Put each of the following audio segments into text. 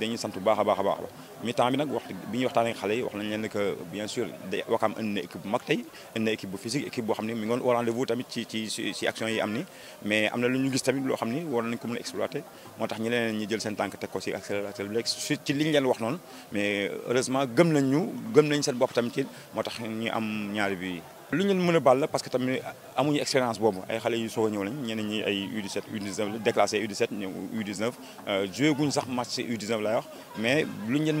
dañuy sant bu baax a baax a baax mi temps bi nag wax bi ñuy waxtaan ak xale yi que bien sûr day Wakaam indi équipe bu mag tey indi équipe bu physique équipe boo xam ne mi ngoon rendez-vous tamit ci ci ci action yi am mais am na lu ñu gis tamit loo xam ni war nañ ko mën a exploiter moo tax ñi leen ñi jël seen tànk teg ko ci accélérateur bi léegi ci li ñu wax noonu mais heureusement gëm nañ ñu gëm nañ seen bopp tamit ci moo tax am ñaari bi lu ñu mën a parce que tamit amuñu expérience boobu ay xale yu soog a ñëw lañ ñeneen ñi ay U17 U19 déclassé U17 U19 euh, joué guñ sax match U19 laay wax mais luñ leen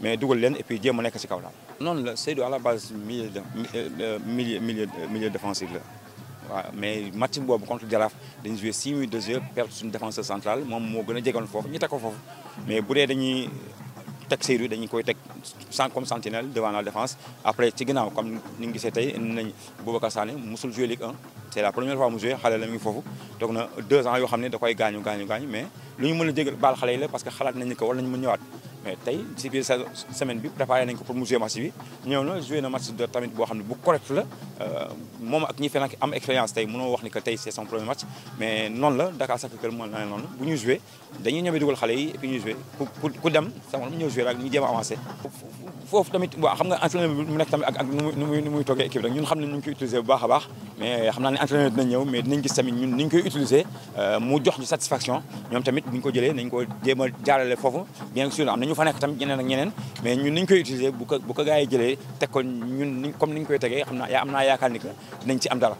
mais dugal leen et puis djema nek ci kaw non la Seydou à la base milieu milieu milieu milieu défensif là waaw mais match bobu contre djaraf dañ jouer 6 minutes de jeu perte suñu défenseur central moom moo gën a jegoon foofu ñu teg ko mais boudé dee dañuy teg Seydou dañu koy tek sans comme sentinelle devant la défense après ci ginnaaw comme ni ngi gisee tey nañ Boubacar Sané musul jouer Ligue 1 c'est la première fois mu jouer xalé la mi ngi foofu toog na 2 ans yo xamné da koy gañu gañu gaañu mais lu ñu mën a jégal baal la parce que xalat nañ ko wala ñu mën ñëwaat mais ci bi sa semaine bi préparé nañ ko pour mu jouer match bi ñëw na jouer na match de tamit bo xam bu correct la euh, mom ak ñi fee nag am expérience tay mëno wax ni que tay c'est son premier match mais non la Dakar Sacré-Cœur mo la non bu ñu jouer dañuy ñëwé dugal xalé yi et puis ñu joué ku ku dem sama ñëw jouer rek ñu jéem avancer fofu tamit waaw xam nga entraîneur mu nek tamit ak ak nu muy nu muy toggee équipe rek ñun xam ne ñu ngi koy utiliser bu baaxa baax mais xam naa entraîneur dina ñëw mais dinañ gis tamit ñun ni ñu koy utiliser euh, mu jox ñu satisfaction ñom tamit buñ ko jëlé nañ ko jéem jaralé fofu foofu bien sûr am nañu ñu fa nekk tamit ñeneen mais ñun niñ koy utiliser bu ko bu ko gars yi jëlee teg ko ñun comme niñ koy tegee xam naa am naa yaakaar ni que dinañ ci am dara